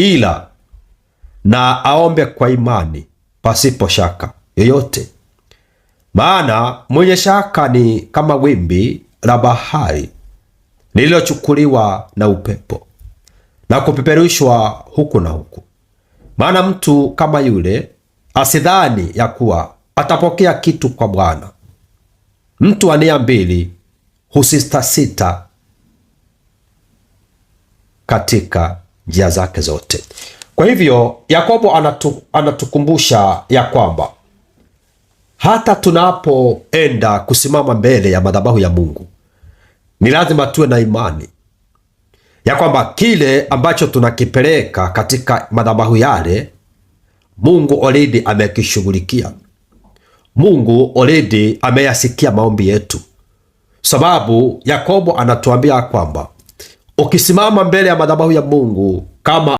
ila na aombe kwa imani pasipo shaka yoyote, maana mwenye shaka ni kama wimbi la bahari lililochukuliwa na upepo na kupeperushwa huku na huku. Maana mtu kama yule asidhani ya kuwa atapokea kitu kwa Bwana. Mtu wa nia mbili husistasita katika njia zake zote. Kwa hivyo Yakobo anatu, anatukumbusha ya kwamba hata tunapoenda kusimama mbele ya madhabahu ya Mungu ni lazima tuwe na imani ya kwamba kile ambacho tunakipeleka katika madhabahu yale Mungu olidi amekishughulikia. Mungu olidi ameyasikia maombi yetu, sababu Yakobo anatuambia kwamba ukisimama mbele ya madhabahu ya Mungu kama